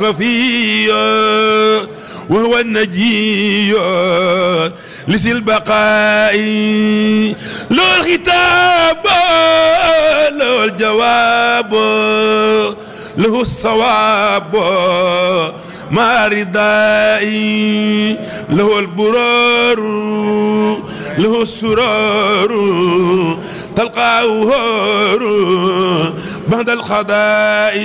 خفيا وهو النجي لسي البقاء له الختاب له الجواب له الصواب ما ردائي له البرار له السرار تلقاه بعد الخضاء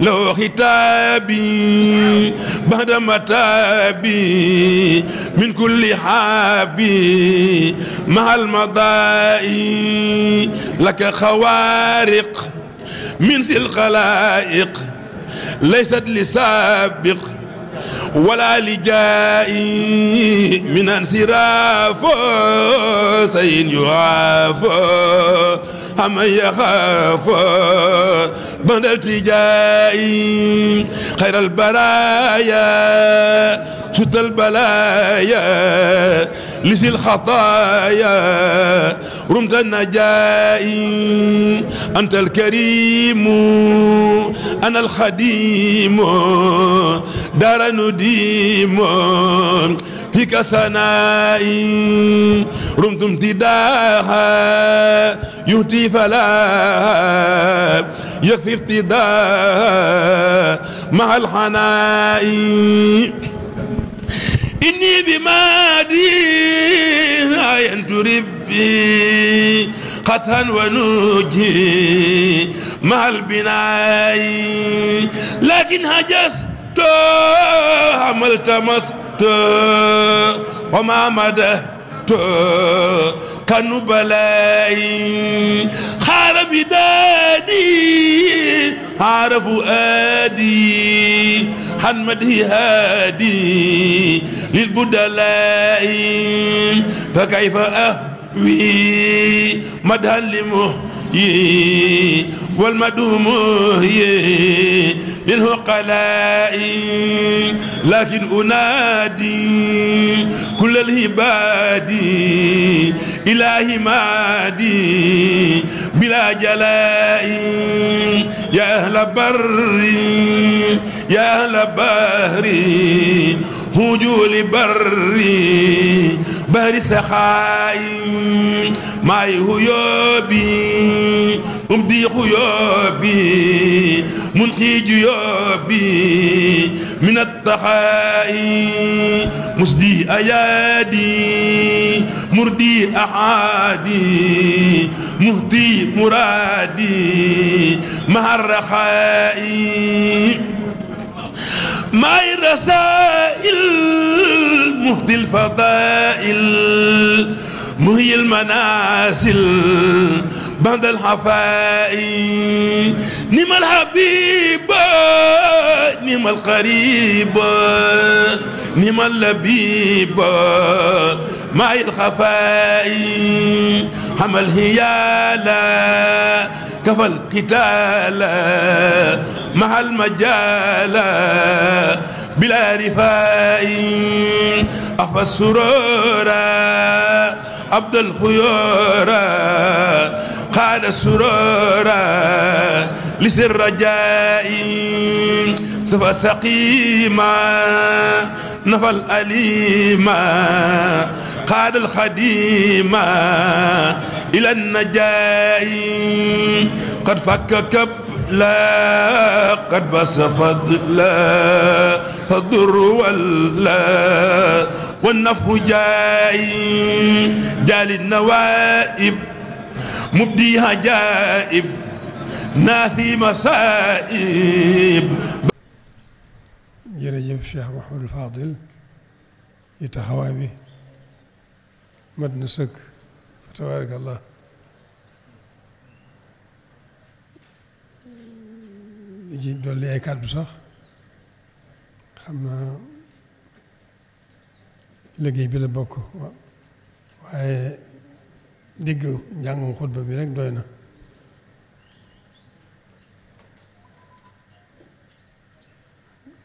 لو ختابي بعد متابي من كل حابي مع المضاء لك خوارق من ذي الخلائق ليست لسابق ولا لجائي من انصراف سين يعافى أما يخاف من التجاء خير البرايا سد البلايا لسي الخطايا رمت النجاء أنت الكريم أنا الخديم دار نديم فيك سنائي رمت امتداها يهدي فلا يكفي افتداء مع الحناء إني بما دي عين تربي قطعا ونجي مع البناء لكن هجست عملت مصر وما مددت كنبلاي خار بدادي عرف آدي عن مده هادي للبدلاء فكيف أهوي مدها لمهتدي والمدوم بالهقلاء لكن أنادي كل الهباد إلهي مادي بلا جلاء يا أهل بر يا أهل بحر هجول بر بحر سخاء maayi huyóobi mubdi um huyóobi munxiiju yóobi min attaxaayi musdi ayaadi murdi axaadi muhti muraadi maharraxaayi maayi rasaa'il muhti alfadaa'il مهي المنازل بعد الحفاء نم الحبيب نم القريب نم اللبيب معي الخفاء حمل هيالا كفى القتال مع المجال بلا رفاء أفى السرور عبد الخيورة قال سرورة لسر الرجاء سفى سقيما نفى الأليما قاد الخديما إلى النجاء قد فك كبلا قد بس فضلا فالضر ولا والنفع جائب جال النوائب مبديها جائب ناثي مصائب jërëjëf Cheikh Mahmoud Fadil yi taxawaay bi mat na sëkk fa tabaarakallah ci dolli ay kàddu sax xam naa liggéey bi la bokk waaye dégg njàngum xutba bi rek doy na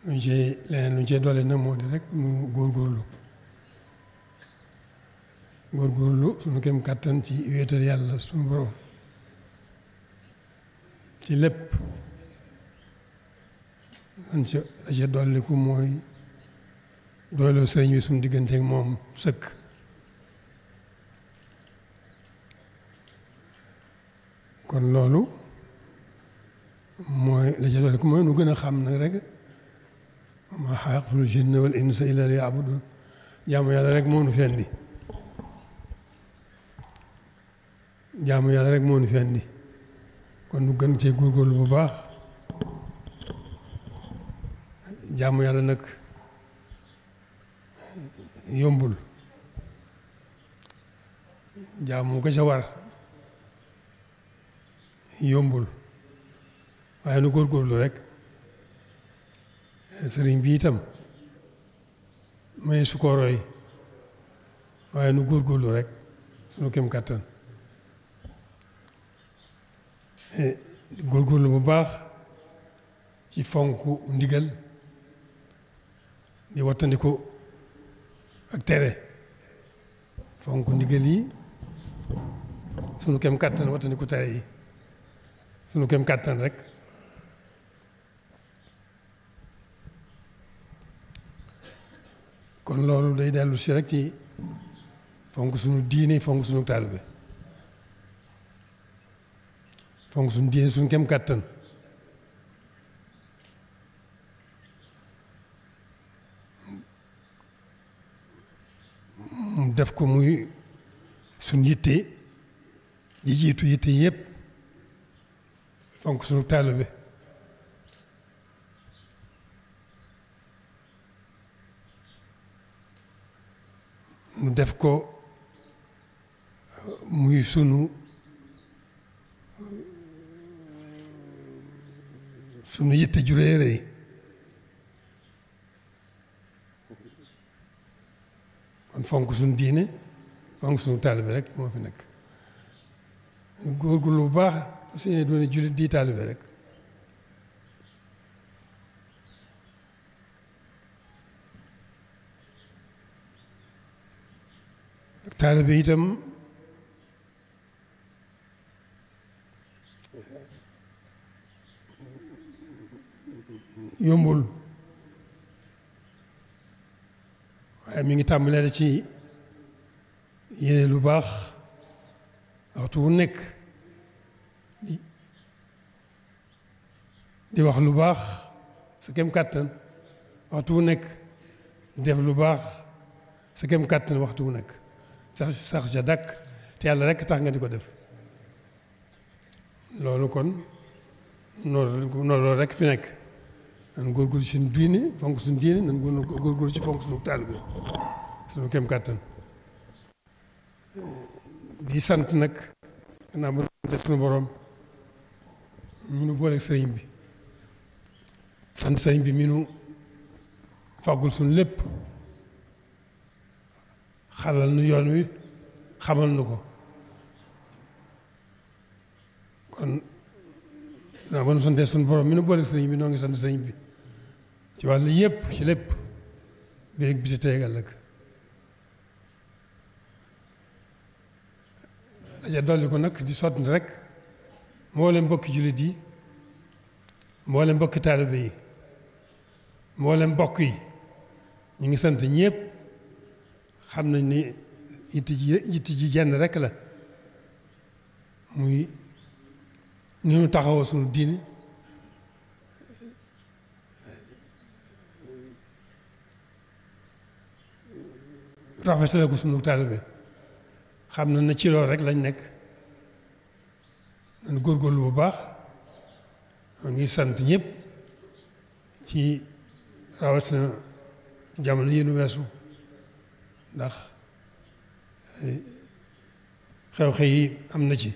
luñ cee leneen luñ cee doole nag moo di rek mu góorgóorlu góorgóorlu suñu kem kàttan ci wéetal yàlla suñu borom ci lépp lan ca la ca dolliku mooy doyloo sëriñ bi suñu digganteek moom sëk kon loolu mooy la ca doole nu gën a xam nag rek ma xalaqtul jinna wal insa illa liya'budun jaamu yàlla rek moonu fendi fi indi yàlla rek moonu fendi fi indi kon nu gën cee góorgóorlu bu baax jaamu yàlla nag yombul jaamu ko ca war yombul waaye nu góorgóorlu rek sëriñ bi itam mu ne su ko roy waaye nu góorgóorlu rek sunu kem kàttan e, góorgóorlu bu baax ci fonk ndigal di wattandiko ak tere fonk ndigal yi sunu kem kàttan wattandiku tere yi sunu kem kàttan rek kon loolu day dellu si rek ci fonk sunu diine fonk sunu taalibe fonk sunu diine sunu kem kàttan def ko muy suñ yitte yi jiitu yitte yëpp sunu suñu taalibe nu def ko muy sunu sunu yitte ju réere fonk suñu diine fonk suñu taalibe rek moo fi nekk góorgóorlu baax su ñu doon jullit di taalibe rek taalibe itam yombul mi ngi tàmbalee ci yéene lu baax waxtu wu nekk di wax lu baax sa kem kàttan waxtu wu nekk def lu baax sa kem kàttan waxtu wu nekk sax sax sa dàkk te yàlla rekk tax nga di ko def loolu kon noonu loolu rekk fi nekk nan góorgóorlu ci suñu diine fonk suñu diine nan góorgóorlu ci fonk suñu taalibe suñu kem kàttan di sant nag gannaaw bu sant suñu borom ñu nu booleeg sëriñ bi sant sëriñ bi mi nu fàggul suñu lépp xalal nu yoon wi xamal nu ko kon gannaaw bu nu santee suñu borom mi nu booleeg sëriñ bi noo ngi sant sëriñ bi ci wàll yépp ci lépp biir biti tey a daja dolli ko nag di sotti rek mboolem mbokki jullit yi mboolem mbokki taalibe yi mboolem mbokk yi ñu ngi sant ñépp xam na ni yitti ji yitti ji jenn rek la muy ni ñu taxawa suñu diini rafetale ko sunu taalibe xam na na ci loolu rek lañ nekk nañ góorgóorlu bu baax ma ngi sant ñëpp ci rawatina jamono yi weesu ndax eh, xew am na ci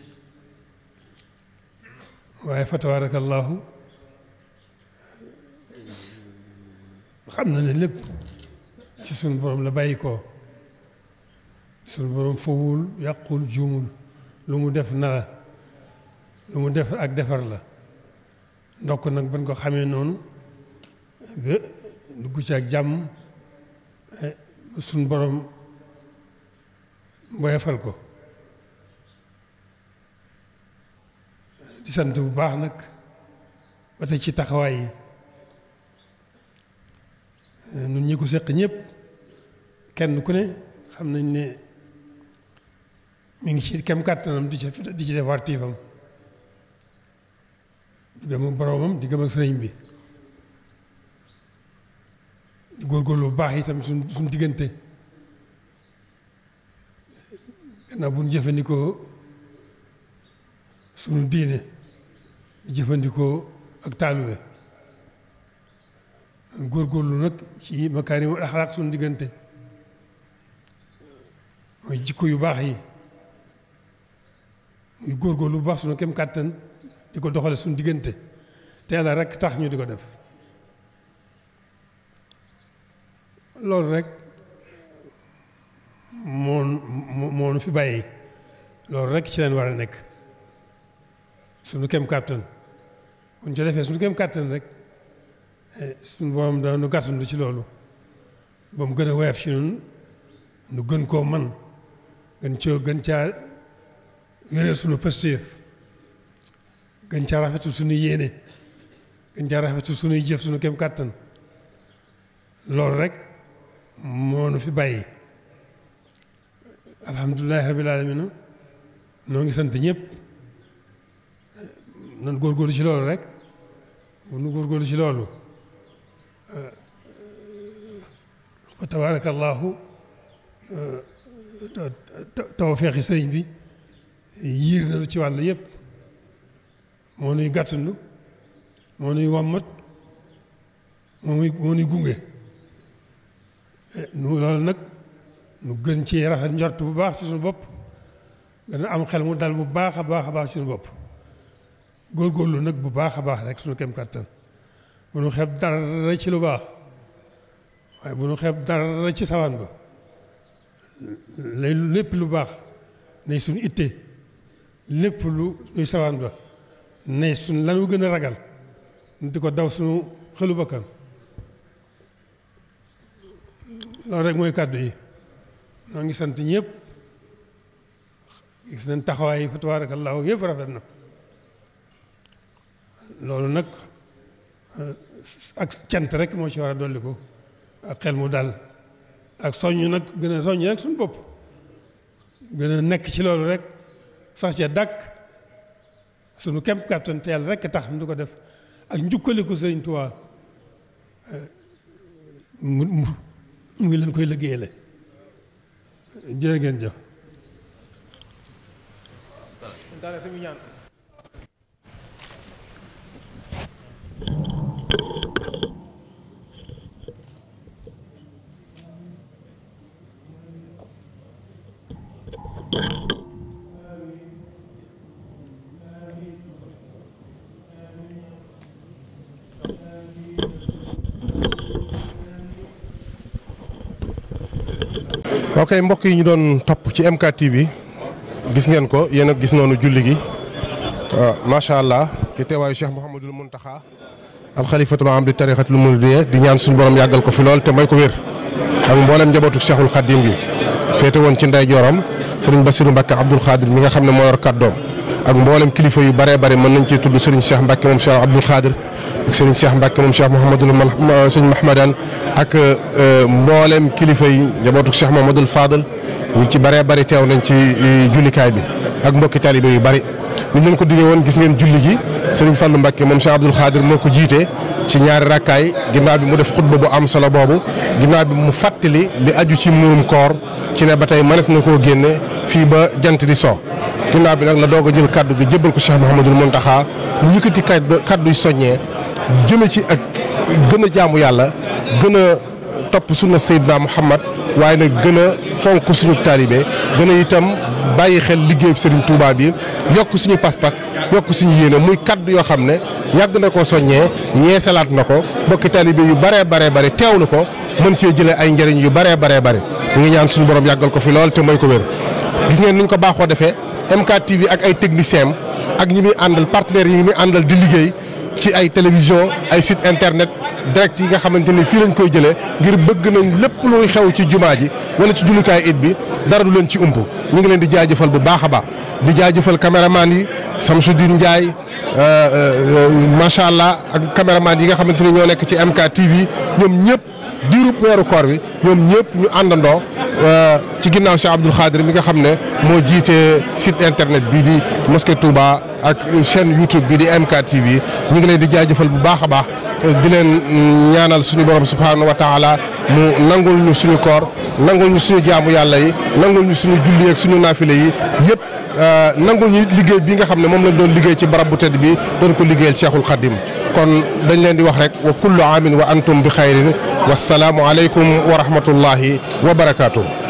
waaye fa tabaarakallaahu xam na ne lépp ci sunu borom la bàyyi koo sunu borom fowul yàqul juumul lu mu def nara lu mu def ak defar la ndox ndokk nag ban ko xamee noonu ba dugg ci ak jàmm eh, sunu borom mboyefal ko di sant bu baax nag ba ci taxawaay yi eh, nun ñi ko seq ñëpp kenn ku ne xam nañ ne mi ngi ci kem kàttanam di ci di ci def wartiifam digam ak boroomam digam ak bi di góorgóorlu bu baax itam suñ suñ diggante gannaaw bu ñu jëfandikoo suñu diine di jëfandikoo ak taalube góorgóorlu nag ci makaarimul axlaaq suñu diggante mooy jikko yu baax yi ñu góorgóorlu bu baax suñu kem kàttan di ko doxale suñu diggante te yàlla rek tax ñu di ko def loolu rek moo moo fi bàyyi loolu rek ci leen war a nekk suñu kem kàttan bu ñu ca defee suñu kem kàttan rek eh, suñu borom daanu nu gàttandu ci loolu ba mu gën a woyof ci ñun nu gën koo man gën coo gën caa yore sunu pëstéef gën ca rafetu sunu yéene gën ca rafetu sunuy jëf sunu kem kàttan loolu rek moo nu fi bàyyi alhamdulilahi rabil alamina noo ngi sant ñëpp nan góorgóorlu ci loolu rek bu nu góorgóorlu ci loolu fa tabaarakallahu tawfeexi sëriñ bi yiir na lu ci wàll yëpp moo nuy gàttandu moo nuy wàmmat moo nuy gunge nu eh, loolu nag nu gën ci rafet njort bu baax ci suñu bopp gën a am xel mu dal bu baax a baax a baax ci suñu bopp góorlu nag bu baax a baax rek suñu kem kàttan bu nu xeeb dara ci lu baax waaye bu nu xeeb dara ci sawaan ba lay lépp lu baax nay suñu ittee lépp lu luy sawaan ba ne suñ lanu gën a ragal di ko daw suñu xelu bakkan loolu rek mooy kàddu yi noo ngi sant ñëpp gis nañ taxawaay yi fa tabaarakallaahu yëpp rafet na loolu nag ak cant rek moo ci war a dolli ko ak xel mu daal ak soññ nag gën a soññ rek suñu bopp gën a nekk ci loolu rek sax ca dàkk sunu kem kàttan te rekk tax nu ko def ak njukkaliku Sëriñ Tuubaa eh, mu mu mu ngi leen koy liggéeyale jërë ngeen ok mbokk yi ñu doon topp ci MKTV gis ngeen ko yéen a gis noonu julli gi ah, macha allah ci teewaayu Cheikh Mouhamadul Mountakha alxalifatul am di tarixatul muridiyya di ñaan suñu borom yàggal ko fi lool te may ko wér ak mboolem njabootu Cheikhul Khadim bi féete woon ci ndey jooram sëriñ Bassirou Mbacke Abdoul Khadir mi nga xam ne moo yor kàddoom ak mboolem kilifa yu baree bare mën nañ cee tudd Serigne Cheikh Mbacke moom Cheikh Abdoul Khadir ak Serigne Cheikh Mbacke moom Cheikh Mouhamadul ma sëñ Mahmadan ak euh, mboolem kilifa yi njabootu Cheikh Mouhamadul Fadal ñu ci baree bari teew nañ ci euh, jullikaay bi ak mbokki taalibe yu bari. ni leen ko digee woon gis ngeen julli gi sëriñ Fallou Mbacke moom Cheikh Abdoul Khadir moo ko jiite ci ñaari ràkkaay ginnaaw bi mu def xutba bu am solo boobu ginnaaw bi mu fàttali li aju ci muurum koor ci ne ba tey mënees na koo génne fii ba jant di so ginnaaw bi nag la doog a jël kàddu gi jébbal ko Cheikh Mouhamadul Mountakha mu yëkkati kaddu kaddu soññee jëme ci ak gën a jaamu yàlla gën a topp sunna Seydina Muhammad waaye nag gën a fonk suñu taalibe gën a bàyyi xel liggéeyub Serigne Touba yi yokk suñu pas-pas yokk suñu yéene muy kaddu yoo xam ne yàgg na ko soññee yeesalaat na ko mbokki taalibe yu baree baree bare teew na ko mën cee jëlee ay njëriñ yu baree baree bare mu ngi ñaan suñu borom yàggal ko fi lool te mooy ko wér gis ngeen ni ñu ko baaxoo defee MKTV ak ay techniciens ak ñi muy àndal partenaires yi muy àndal di liggéey ci ay télévision ay site internet direct yi nga xamante ni fii lañ koy jëlee ngir bëgg nañ lépp luy xew ci jumaa ji wala ci jullikaay it bi dara du leen ci ump ñu ngi leen di jaajëfal bu baax a baax di jaajëfal caméraman yi Samsudine Ndiaye euh, euh, macha allah ak caméraman yi nga xamante ni ñoo nekk ci MK TV ñoom ñëpp diirub weeru koor bi ñoom ñëpp ñu àndandoo Euh, ci ginnaaw Cheikh Abdoul Khadir mi nga xam ne moo jiitee sit internet bii di Mosquée Touba ak chaîne YouTube bii di MKTV ñu ngi leen di jëfal bu baax a baax di leen ñaanal suñu borom subhanahu wa taala mu nangul ñu suñu koor nangul ñu suñu jaamu yàlla yi nangul ñu suñu julli ak suñu naafile yi yëpp euh, nangul ñu liggéey bi nga xam ne moom lañ doon liggéey ci barab bu tedd bi doon ko liggéeyal Cheikhul Khadim kon dañ leen di wax rek wa kullu aamin wa antum bi xayrin wassalaamu aleykum wa rahmatullahi wa barakaatu.